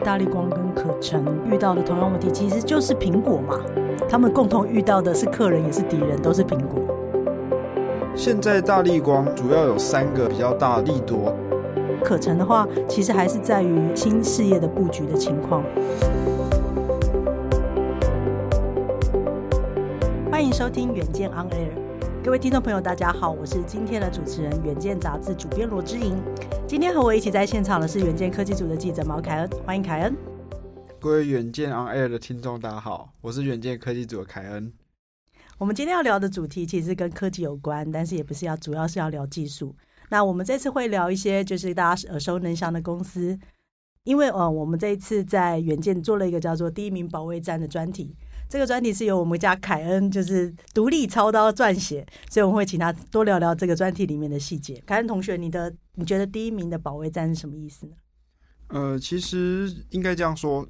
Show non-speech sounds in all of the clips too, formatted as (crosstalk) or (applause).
大立光跟可成遇到的同樣問題，其實就是蘋果嘛。他們共同遇到的是客人，也是敵人，都是蘋果。現在大立光主要有三個比較大的利多。可成的話，其實還是在於新事業的布局的情況。歡迎收聽《遠見 On Air》。各位聽眾朋友，大家好，我是今天的主持人《遠見》雜誌主編羅之盈。今天和我一起在現場的是《遠見》科技組的記者毛凱恩，歡迎凱恩。各位《遠見》On Air 的聽眾，大家好，我是《遠見》科技組的凱恩。我們今天要聊的主題其實跟科技有關，但是也不是要，主要是要聊技術。那我們這次會聊一些就是大家耳熟能詳的公司，因為呃，我們這一次在《遠見》做了一個叫做“第一名保衛戰”的專題。這個專題是由我們家凱恩就是獨立操刀撰寫，所以我們會請他多聊聊這個專題裡面的細節。凱恩同學，你的你覺得第一名的保衛戰是什麼意思呢？呃，其實應該這樣說，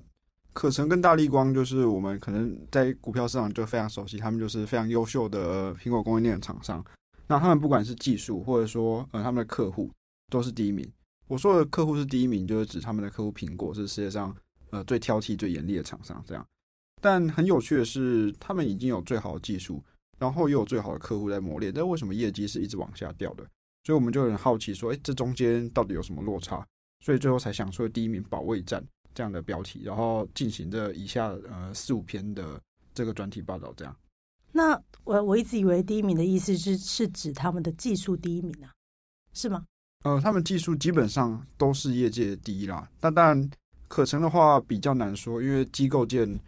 可成跟大立光就是我們可能在股票市場就非常熟悉，他們就是非常優秀的蘋果供應鏈的廠商。那他們不管是技術，或者說呃他們的客戶都是第一名。我說的客戶是第一名，就是指他們的客戶蘋果是世界上呃最挑剔、最嚴厲的廠商這樣。但很有趣的是，他們已經有最好的技術，然後又有最好的客戶在磨練，但為什麼業績是一直往下掉的？所以我們就很好奇，說，哎，這中間到底有什麼落差？所以最後才想出了“第一名保衛戰”這樣的標題，然後進行這以下呃四五篇的這個專題報道。這樣。那我我一直以為第一名的意思是是指他們的技術第一名啊，是嗎？呃，他們技術基本上都是業界第一啦。但當然可成的話比較難說，因為機構間。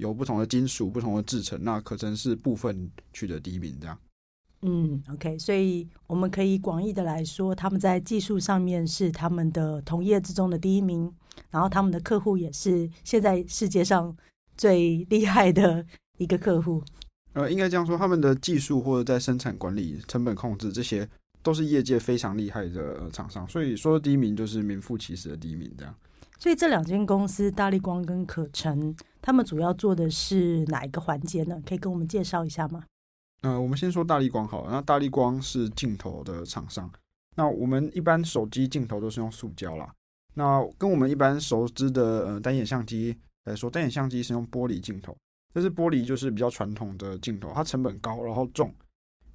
有不同的金屬、不同的製程，那可成是部分取得第一名這樣。嗯，OK，所以我們可以廣義的來說，他們在技術上面是他們的同業之中的第一名，然後他們的客戶也是現在世界上最厲害的一個客戶。呃，應該這樣說，他們的技術或者在生產管理、成本控制這些，都是業界非常厲害的呃、廠商，所以說第一名就是名副其實的第一名這樣。所以這兩間公司，大立光跟可成，他們主要做的是哪一個環節呢？可以跟我們介紹一下嗎？嗯、呃，我們先說大立光好了。那大立光是鏡頭的廠商。那我們一般手機鏡頭都是用塑膠啦。那跟我們一般熟知的呃單眼相機來說，單眼相機是用玻璃鏡頭，但是玻璃就是比較傳統的鏡頭，它成本高，然後重。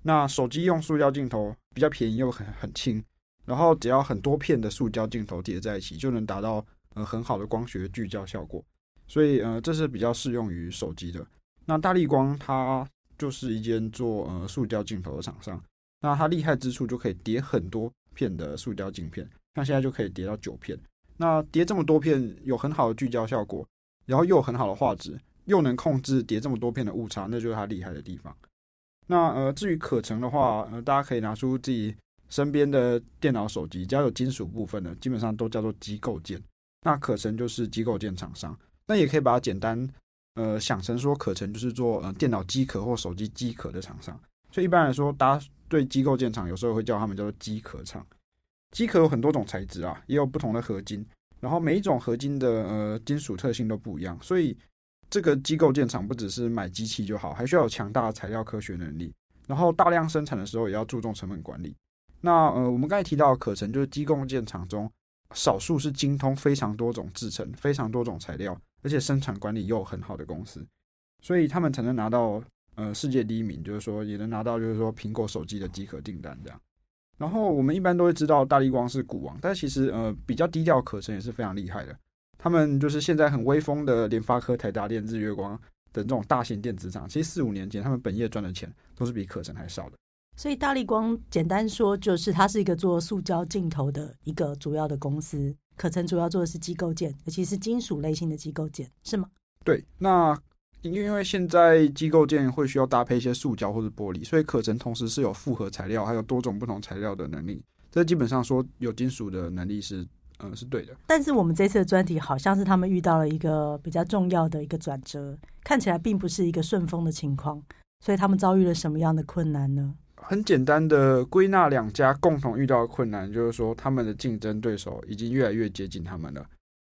那手機用塑膠鏡頭比較便宜又很很輕，然後只要很多片的塑膠鏡頭疊在一起，就能達到。呃，很好的光學聚焦效果，所以呃，這是比較適用於手機的。那大立光它就是一間做呃塑膠鏡頭的廠商，那它厲害之處就可以疊很多片的塑膠鏡片，那現在就可以疊到九片。那疊這麼多片有很好的聚焦效果，然後又有很好的畫質，又能控制疊這麼多片的誤差，那就是它厲害的地方那。那呃，至於可成的話，呃，大家可以拿出自己身邊的電腦、手機，只要有金屬部分的，基本上都叫做機構件。那可成就是機構件廠商，那也可以把它簡單呃想成說，可成就是做呃電腦機殼或手機機殼的廠商。所以一般來說，大家對機構件廠有時候會叫他們叫做機殼廠。機殼有很多種材質啊，也有不同的合金，然後每一種合金的呃金屬特性都不一樣，所以這個機構件廠不只是買機器就好，還需要有強大的材料科學能力，然後大量生產的時候也要注重成本管理。那呃我們剛才提到可成就是機構件廠中。少數是精通非常多種製程，非常多種材料，而且生產管理又有很好的公司，所以他們才能拿到呃世界第一名，就是說也能拿到就是說蘋果手機的機殼訂單這樣。然後我們一般都會知道大立光是股王，但其實呃比較低調，可成也是非常厲害的。他們就是現在很威風的聯發科、台達電、日月光等這種大型電子廠，其實四五年前他們本業賺的錢都是比可成還少的。所以大立光簡單說就是它，是一個做塑膠鏡頭的一個主要的公司，可成主要做的是機構件，尤其是金屬類型的機構件，是嗎？對，那因為因為現在機構件會需要搭配一些塑膠或者玻璃，所以可成同時是有複合材料還有多種不同材料的能力。這基本上說有金屬的能力是嗯、呃、是對的。但是我們這次的專題好像是他們遇到了一個比較重要的一個轉折，看起來並不是一個順風的情況，所以他們遭遇了什麼樣的困難呢？很簡單的歸納，兩家共同遇到的困難就是說，他們的競爭對手已經越來越接近他們了。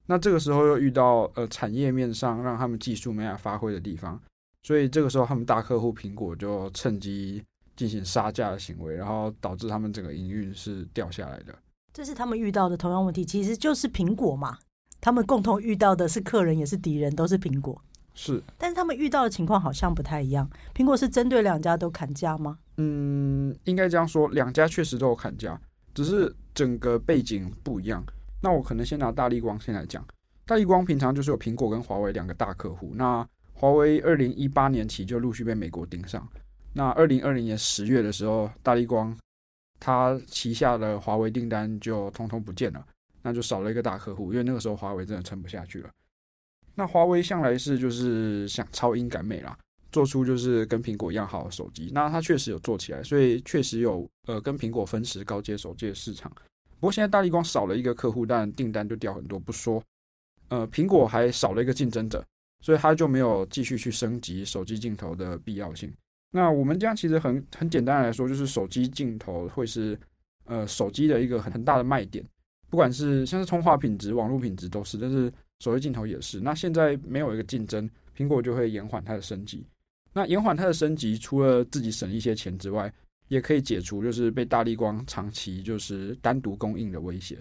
那這個時候又遇到呃產業面上讓他們技術沒法發揮的地方，所以這個時候他們大客戶蘋果就趁機進行殺價的行為，然後導致他們整個營運是掉下來的。這是他們遇到的同樣問題，其實就是蘋果嘛。他們共同遇到的是客人也是敵人，都是蘋果。是，但是他們遇到的情況好像不太一樣。蘋果是針對兩家都砍價嗎？嗯，應該這樣說，兩家確實都有砍價，只是整個背景不一樣。那我可能先拿大立光先來講，大立光平常就是有蘋果跟華為兩個大客戶。那華為二零一八年起就陸續被美國盯上，那二零二零年十月的時候，大立光他旗下的華為訂單就通通不見了，那就少了一個大客戶，因為那個時候華為真的撐不下去了。那華為向來是就是想超英趕美啦，做出就是跟蘋果一樣好的手機。那它確實有做起來，所以確實有呃跟蘋果分食高階手機的市場。不過現在大立光少了一個客戶，但訂單就掉很多不說，呃，蘋果還少了一個競爭者，所以它就沒有繼續去升級手機鏡頭的必要性。那我們這樣其實很很簡單來說，就是手機鏡頭會是呃手機的一個很大的賣點，不管是像是通話品質、網絡品質都是，但是。手機鏡頭也是，那現在沒有一個競爭，蘋果就會延緩它的升級。那延緩它的升級，除了自己省一些錢之外，也可以解除就是被大立光長期就是單獨供應的威脅。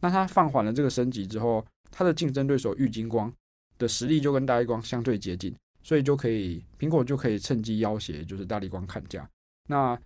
那它放緩了這個升級之後，它的競爭對手玉晶光的實力就跟大立光相對接近，所以就可以，蘋果就可以趁機要挾，就是大立光砍價。那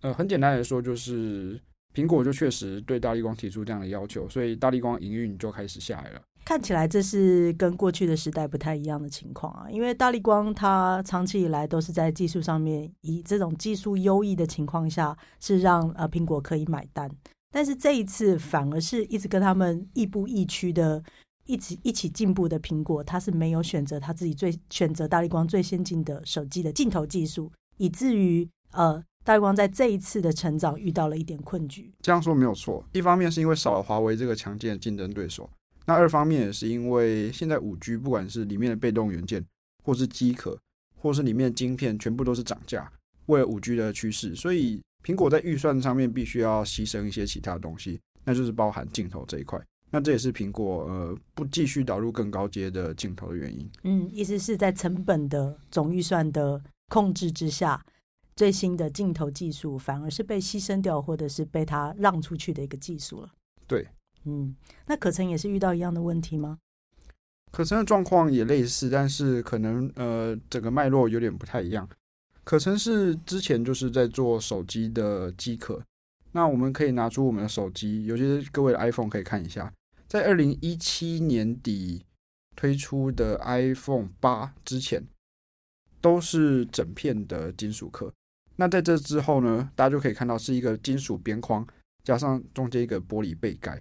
呃，很簡單來說，就是蘋果就確實對大立光提出這樣的要求，所以大立光營運就開始下來了。看起來這是跟過去的時代不太一樣的情況啊，因為大立光它長期以來都是在技術上面以這種技術優異的情況下，是讓呃蘋果可以買單。但是這一次反而是一直跟他們亦步亦趨的，一直一起進步的蘋果，它是沒有選擇它自己最選擇大立光最先進的手機的鏡頭技術，以至於呃大立光在這一次的成長遇到了一點困局。這樣說沒有錯，一方面是因為少了華為這個強勁的競爭對手。那二方面也是因為現在五 G 不管是裡面的被動元件，或是機殼，或是裡面的晶片，全部都是漲價。為了五 G 的趨勢，所以蘋果在預算上面必須要犧牲一些其他的東西，那就是包含鏡頭這一塊。那這也是蘋果呃不繼續導入更高階的鏡頭的原因。嗯，意思是在成本的總預算的控制之下，最新的鏡頭技術反而是被犧牲掉，或者是被它讓出去的一個技術了。對。嗯，那可成也是遇到一樣的問題嗎？可成的狀況也類似，但是可能呃整個脈絡有點不太一樣。可成是之前就是在做手機的機殼，那我們可以拿出我們的手機，尤其是各位的 iPhone 可以看一下，在二零一七年底推出的 iPhone 八之前，都是整片的金屬殼。那在這之後呢，大家就可以看到是一個金屬邊框，加上中間一個玻璃背蓋。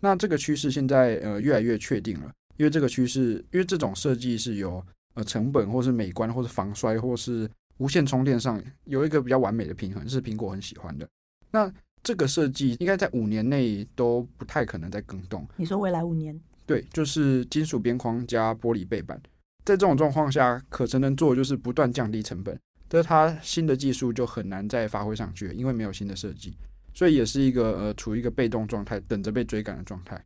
那這個趨勢現在呃越來越確定了，因為這個趨勢，因為這種設計是有呃成本，或是美觀，或是防摔，或是無線充電上有一個比較完美的平衡，是蘋果很喜歡的。那這個設計應該在五年內都不太可能再更動。你說未來五年？對，就是金屬邊框加玻璃背板。在這種狀況下，可成能做就是不斷降低成本，但是它新的技術就很難再發揮上去，因為沒有新的設計。所以也是一個呃處於一個被動狀態，等着被追趕的狀態。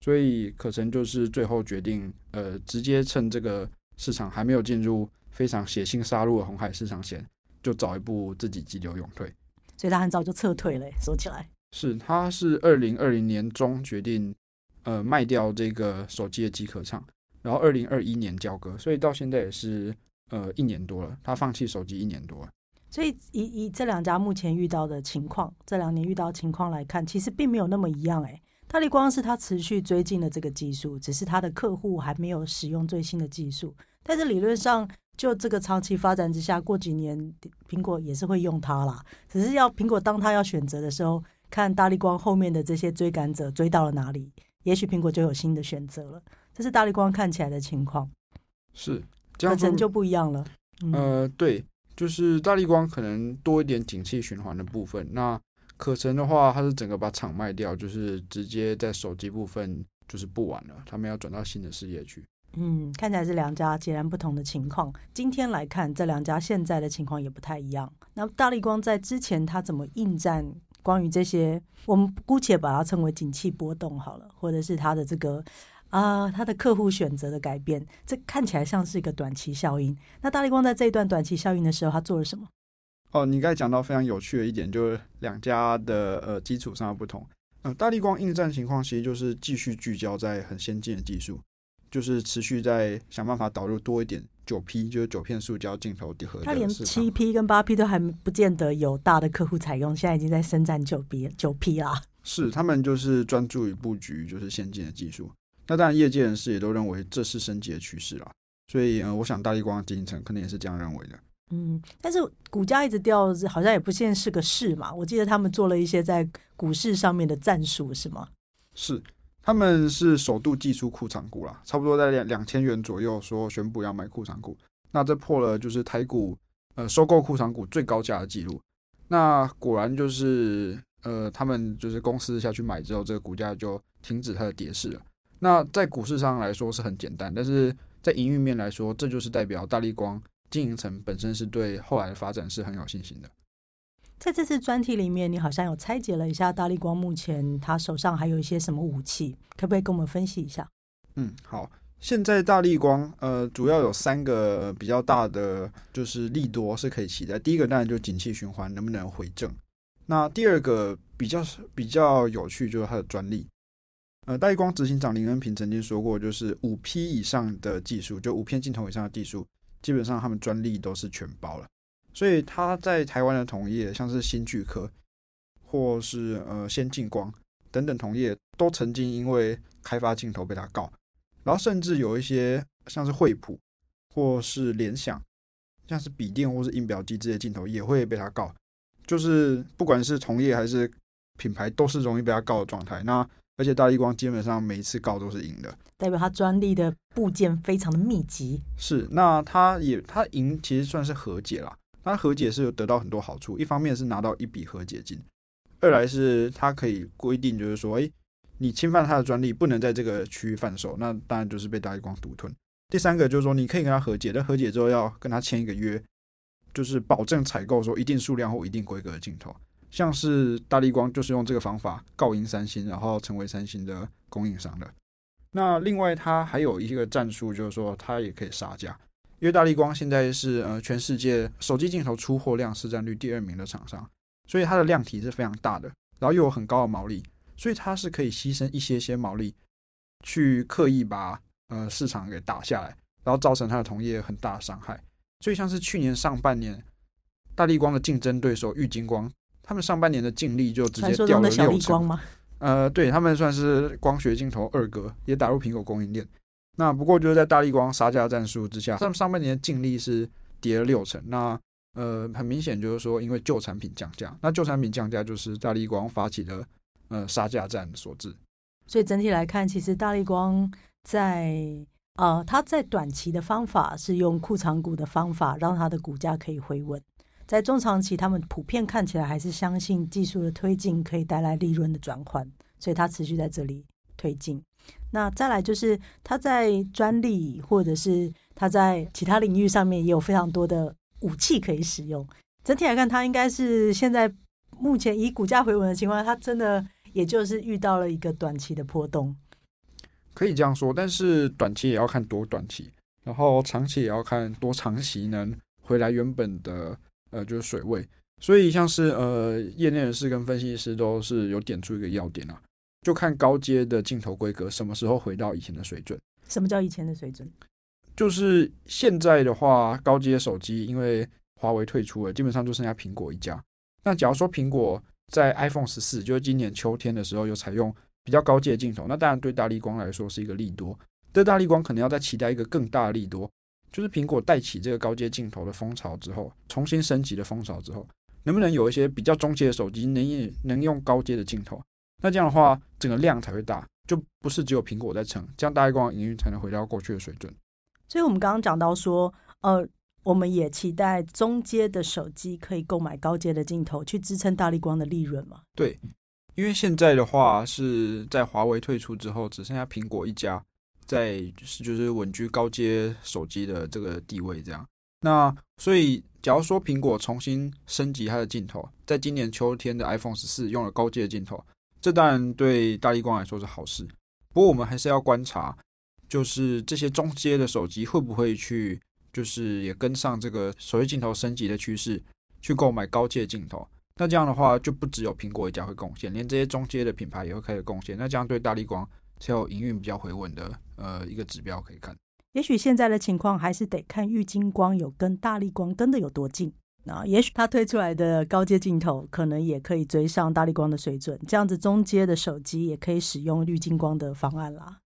所以可成就是最後決定呃直接趁這個市場還沒有進入非常血腥殺戮的紅海市場前，就早一步自己急流勇退。所以他很早就撤退了。說起來，是他是二零二零年中決定呃賣掉這個手機的機殼廠，然後二零二一年交割，所以到現在也是呃一年多了，他放棄手機一年多了。所以以以這兩家目前遇到的情況，這兩年遇到的情況來看，其實並沒有那麼一樣誒，大立光是他持續追進了這個技術，只是他的客戶還沒有使用最新的技術。但是理論上，就這個長期發展之下，過幾年蘋果也是會用它啦。只是要蘋果當他要選擇的時候，看大立光後面的這些追趕者追到了哪裡，也許蘋果就有新的選擇了。這是大立光看起來的情況。是，可能就不一樣了。嗯、呃，對。就是大立光可能多一點景氣循環的部分，那可成的話，他是整個把廠賣掉，就是直接在手機部分就是不玩了，他們要轉到新的事業去。嗯，看起來是兩家截然不同的情況。今天來看，這兩家現在的情況也不太一樣。那大立光在之前他怎麼應戰？關於這些，我們姑且把它稱為景氣波動好了，或者是他的這個。啊、uh,，他的客戶選擇的改變，這看起來像是一個短期效應。那大立光在這一段短期效應的時候，他做了什麼？哦、呃，你剛才講到非常有趣的一點，就是兩家的呃基礎上的不同。嗯、呃，大立光應戰的情況其實就是繼續聚焦在很先進的技術，就是持續在想辦法導入多一點九 P，就是九片塑膠鏡頭合的。他連七 P 跟八 P 都還不見得有大的客戶採用，現在已經在生產九 P 九 P 了。是，他們就是專注於布局，就是先進的技術。那當然，業界人士也都認為這是升級的趨勢啦，所以，嗯，我想大立光、可成可能也是這樣認為的。嗯，但是股價一直掉，好像也不見是個事嘛。我記得他們做了一些在股市上面的戰術，是嗎？是，他們是首度祭出庫藏股啦，差不多在兩兩千元左右說宣布要買庫藏股。那這破了就是台股呃收購庫藏股最高價的記錄。那果然就是呃，他們就是公司下去買之後，這個股價就停止它的跌勢了。那在股市上來說是很簡單，但是在營運面來說，這就是代表大立光經營層本身是對後來的發展是很有信心的。在這次專題裡面，你好像有拆解了一下大立光目前他手上還有一些什麼武器，可不可以跟我們分析一下？嗯，好，現在大立光呃主要有三個比較大的就是利多是可以期待，第一個當然就是景氣循環能不能回正，那第二個比較比較有趣就是它的專利。呃，大立光執行長林恩平曾經說過，就是五片以上的技術，就五片鏡頭以上的技術，基本上他們專利都是全包了。所以他在台灣的同業，像是新巨科，或是呃先進光等等同業，都曾經因為開發鏡頭被他告。然後甚至有一些像是惠普或是聯想，像是筆電或是印表機這些鏡頭也會被他告。就是不管是同業還是品牌，都是容易被他告的狀態。那而且大立光基本上每一次告都是贏的，代表它專利的部件非常的密集。是，那它也它贏其實算是和解啦。它和解是有得到很多好處，一方面是拿到一筆和解金，二來是它可以規定就是說，誒、欸、你侵犯它的專利不能在這個區域販售，那當然就是被大立光獨吞。第三個就是說你可以跟他和解，但和解之後要跟他簽一個約，就是保證採購說一定數量或一定規格的鏡頭。像是大立光就是用這個方法告贏三星，然後成為三星的供應商的。那另外，它還有一個戰術，就是說它也可以殺價。因為大立光現在是呃全世界手機鏡頭出貨量市佔率第二名的廠商，所以它的量體是非常大的，然後又有很高的毛利，所以它是可以犧牲一些些毛利，去刻意把呃市場給打下來，然後造成它的同業很大的傷害。所以像是去年上半年，大立光的競爭對手玉晶光。他們上半年的淨利就直接掉了六成，呃，對，他們算是光學鏡頭二哥，也打入蘋果供應鏈。那不過就是在大立光殺價戰術之下，他們上半年的淨利是跌了六成。那呃，很明顯就是說，因為舊產品降價，那舊產品降價就是大立光發起的呃殺價戰所致。所以整體來看，其實大立光在呃，它在短期的方法是用庫藏股的方法，讓它的股價可以回穩。在中長期，他們普遍看起來還是相信技術的推進可以帶來利潤的轉換，所以它持續在這裡推進。那再來就是，它在專利或者是它在其他領域上面也有非常多的武器可以使用。整體來看，它應該是現在目前以股價回穩的情況，它真的也就是遇到了一個短期的波動。可以這樣說，但是短期也要看多短期，然後長期也要看多長期能回來原本的，呃，就是水位，所以像是呃，業內人士跟分析師都是有點出一個要點啊，就看高階的鏡頭規格什麼時候回到以前的水準。什麼叫以前的水準？就是現在的話，高階手機因為華為退出了，基本上就剩下蘋果一家。那假如說蘋果在 iPhone 14，就是今年秋天的時候有採用比較高階的鏡頭，那當然對大立光來說是一個利多。對，大立光可能要再期待一個更大的利多。就是蘋果帶起這個高階鏡頭的風潮之後，重新升級的風潮之後，能不能有一些比較中階的手機能用能用高階的鏡頭？那這樣的話，整個量才會大，就不是只有蘋果在撐，這樣大立光營運才能回到過去的水準。所以我們剛剛講到說，呃，我們也期待中階的手機可以購買高階的鏡頭，去支撐大立光的利潤嘛？對，因為現在的話是在華為退出之後，只剩下蘋果一家。在就是就是穩居高階手機的這個地位，這樣。那所以，假如說蘋果重新升級它的鏡頭，在今年秋天的 iPhone 十四，用了高階的鏡頭，這當然對大立光來說是好事。不過我們還是要觀察，就是這些中階的手機會不會去，就是也跟上這個手機鏡頭升級的趨勢，去購買高階鏡頭。那這樣的話，就不只有蘋果一家會貢獻，連這些中階的品牌也會開始貢獻。那這樣對大立光。是有營運比較回穩的，呃，一個指標可以看。也許現在的情況還是得看玉晶光有跟大立光跟的有多近。那也許它推出來的高階鏡頭可能也可以追上大立光的水準，這樣子中階的手機也可以使用玉晶光的方案啦。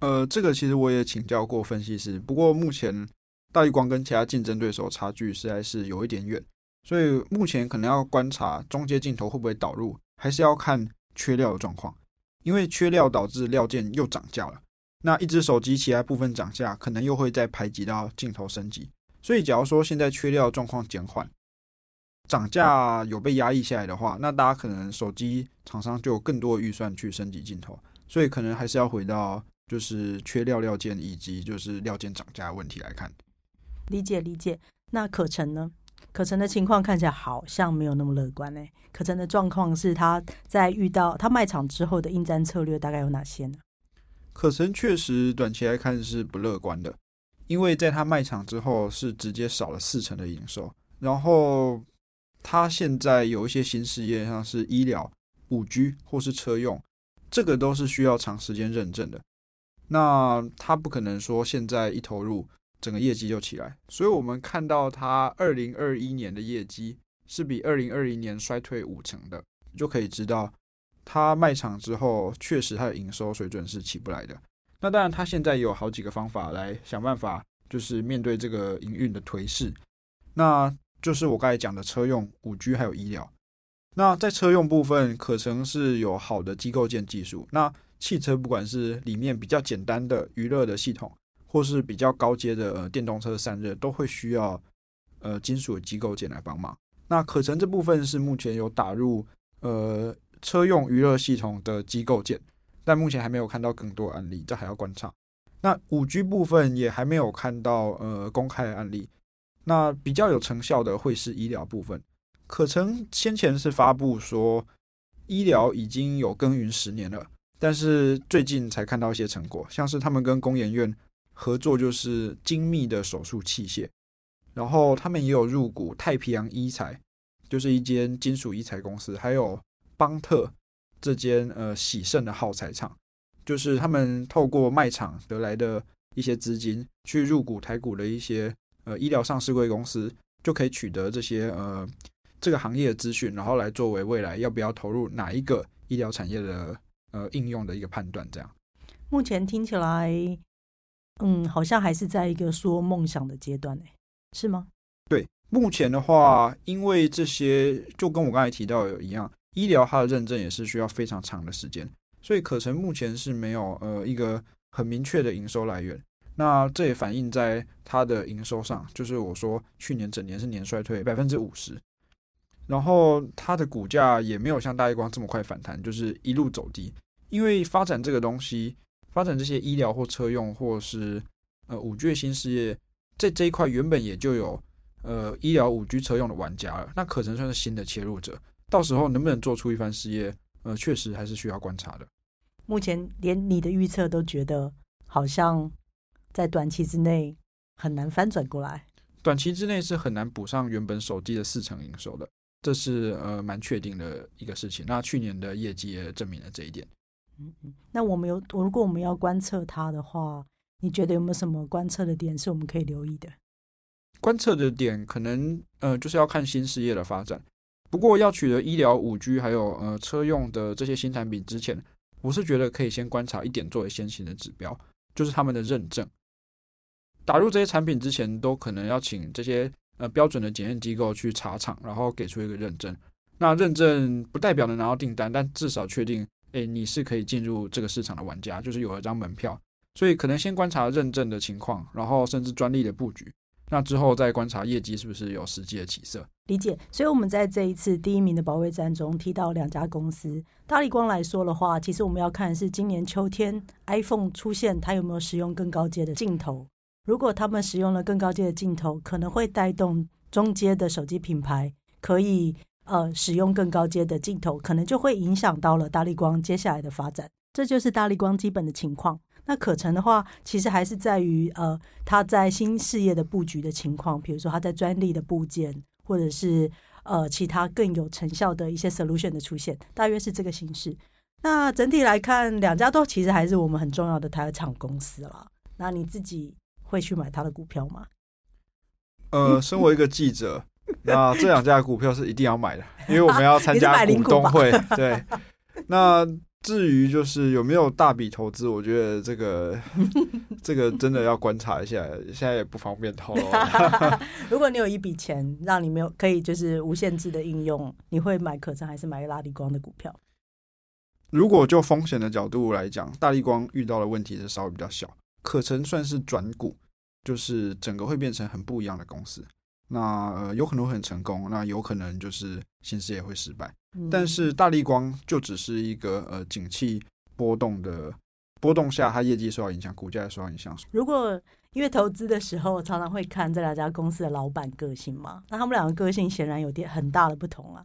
呃，這個其實我也請教過分析師，不過目前大立光跟其他競爭對手差距實在是有一點遠，所以目前可能要觀察中階鏡頭會不會導入，還是要看缺料的狀況。因為缺料，導致料件又漲價了，那一只手機其他部分漲價，可能又會再排擠到鏡頭升級。所以，假如說現在缺料狀況減緩，漲價有被壓抑下來的話，那大家可能手機廠商就有更多的預算去升級鏡頭。所以，可能還是要回到就是缺料料件以及就是料件漲價的問題來看。理解，理解，那可成呢？可成的情況看起來好像沒有那麼樂觀誒。可成的狀況是他在遇到他賣廠，之後的應戰策略大概有哪些呢？可成確實短期來看是不樂觀的，因為在他賣廠之後是直接少了四成的營收。然後他現在有一些新事業，像是醫療、5G 或是車用，這個都是需要長時間認證的。那他不可能說現在一投入，整個業績就起來，所以我們看到它二零二一年的業績是比二零二零年衰退五成的，就可以知道它賣廠之後確實它的營收水準是起不來的。那當然，它現在有好幾個方法來想辦法，就是面對這個營運的頹勢，那就是我剛才講的車用五 G 還有醫療。那在車用部分，可成是有好的機構件技術。那汽車不管是裡面比較簡單的娛樂的系統。或是比較高階的呃電動車散熱都會需要呃金屬機構件來幫忙。那可成這部分是目前有打入呃車用娛樂系統的機構件，但目前還沒有看到更多案例，這還要觀察。那五 G 部分也還沒有看到呃公開案例。那比較有成效的會是醫療部分。可成先前是發布說，醫療已經有耕耘十年了，但是最近才看到一些成果，像是他們跟工研院，合作，就是精密的手術器械，然後他們也有入股太平洋醫材，就是一間金屬醫材公司，還有邦特這間呃洗腎的耗材廠，就是他們透過賣場得來的一些資金，去入股台股的一些呃醫療上市櫃公司，就可以取得這些呃這個行業的資訊，然後來作為未來要不要投入哪一個醫療產業的呃應用的一個判斷。這樣，目前聽起來。嗯，好像還是在一個說夢想的階段呢，是嗎？對，目前的話，因為這些就跟我剛才提到有一樣，醫療它的認證也是需要非常長的時間，所以可成目前是沒有呃一個很明確的營收來源。那這也反映在它的營收上，就是我說去年整年是年衰退百分之五十，然後它的股價也沒有像大立光這麼快反彈，就是一路走低，因為發展這個東西。發展這些醫療或車用，或是呃 5G 的新事業，在這一塊原本也就有呃醫療 5G 車用的玩家了，那可能算是新的切入者。到時候能不能做出一番事業。呃，確實還是需要觀察的。目前連你的預測都覺得好像在短期之內很難翻轉過來。短期之內是很難補上原本手機的四成營收的，這是呃蠻確定的一個事情。那去年的業績也證明了這一點。嗯，那我們有，我如果我們要觀測它的話，你覺得有沒有什麼觀測的點是我們可以留意的？觀測的點可能呃，就是要看新事業的發展。不過要取得醫療、五 G 還有呃車用的這些新產品之前，我是覺得可以先觀察一點作為先行的指標，就是他們的認證。打入這些產品之前，都可能要請這些呃標準的檢驗機構去查廠，然後給出一個認證。那認證不代表能拿到訂單，但至少確定。欸、你是可以進入這個市場的玩家，就是有一張門票，所以可能先觀察認證的情況，然後甚至專利的布局，那之後再觀察業績是不是有實際的起色。理解，所以我們在這一次第一名的保衛戰中提到兩家公司，大立光來說的話，其實我們要看的是今年秋天 iPhone 出現它有沒有使用更高階的鏡頭，如果他們使用了更高階的鏡頭，可能會帶動中階的手機品牌可以。呃，使用更高階的鏡頭，可能就會影響到了大立光接下來的發展。這就是大立光基本的情況。那可成的話，其實還是在於呃，他在新事業的布局的情況，比如說他在專利的部件，或者是呃其他更有成效的一些 solution 的出現，大約是這個形式。那整體來看，兩家都其實還是我們很重要的台廠公司了。那你自己會去買他的股票嗎？呃，身為一個記者。 (laughs) (laughs) 那這兩家的股票是一定要買的，因為我們要參加股東會。啊、 (laughs) 對，那至於就是有沒有大筆投資，我覺得這個 (laughs) 這個真的要觀察一下，現在也不方便透露。如果你有一筆錢，讓你沒有可以就是無限制的應用，你會買可成還是買大立光的股票？如果就風險的角度來講，大立光遇到的問題是稍微比較小，可成算是轉股，就是整個會變成很不一樣的公司。那呃，有可能會很成功，那有可能就是新事業也會失敗，嗯。但是大立光就只是一個呃，景氣波動的波動下，它業績受到影響，股價也受到影響。如果因為投資的時候，我常常會看這兩家公司的老板個性嘛，那他們兩個個性顯然有點很大的不同啊。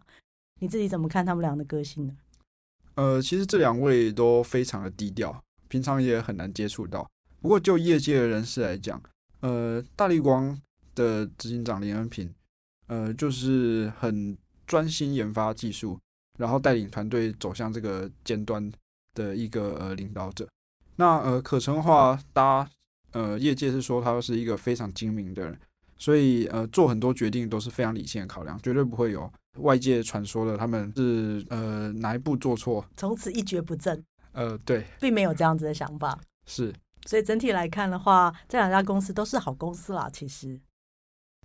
你自己怎麼看他們兩個的,個性呢？呃，其實這兩位都非常的低調，平常也很難接觸到。不過就業界的人士來講，呃，大立光。的執行長林恩平，呃，就是很專心研發技術，然後帶領團隊走向這個尖端的一個呃領導者。那呃，可成的話，大呃，業界是說他是一個非常精明的人，所以呃，做很多決定都是非常理性的考量，絕對不會有外界傳說的他們是呃哪一步做錯，從此一蹶不振。呃，對，並沒有這樣子的想法。是，所以整體來看的話，這兩家公司都是好公司啦，其實。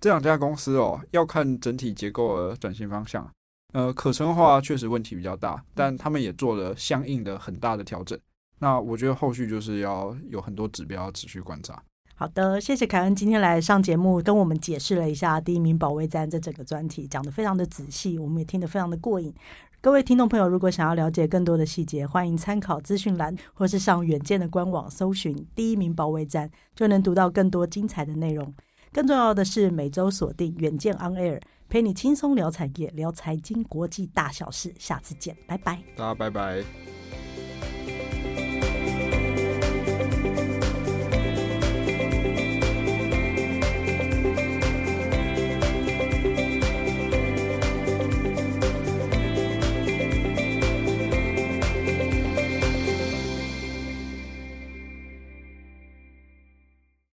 這兩家公司哦，要看整體結構的轉型方向。呃，可成化確實問題比較大，但他們也做了相應的很大的調整。那我覺得後續就是要有很多指標持續觀察。好的，謝謝凱恩今天來上節目，跟我們解釋了一下《第一名保衛戰》這整個專題，講得非常的仔細，我們也聽得非常的過癮。各位聽眾朋友，如果想要了解更多的細節，歡迎參考資訊欄，或是上遠見的官網搜尋《第一名保衛戰》，就能讀到更多精彩的內容。更重要的是每週鎖定遠見 On Air，陪你輕鬆聊產業、聊財經、國際大小事。下次見，拜拜！大家拜拜。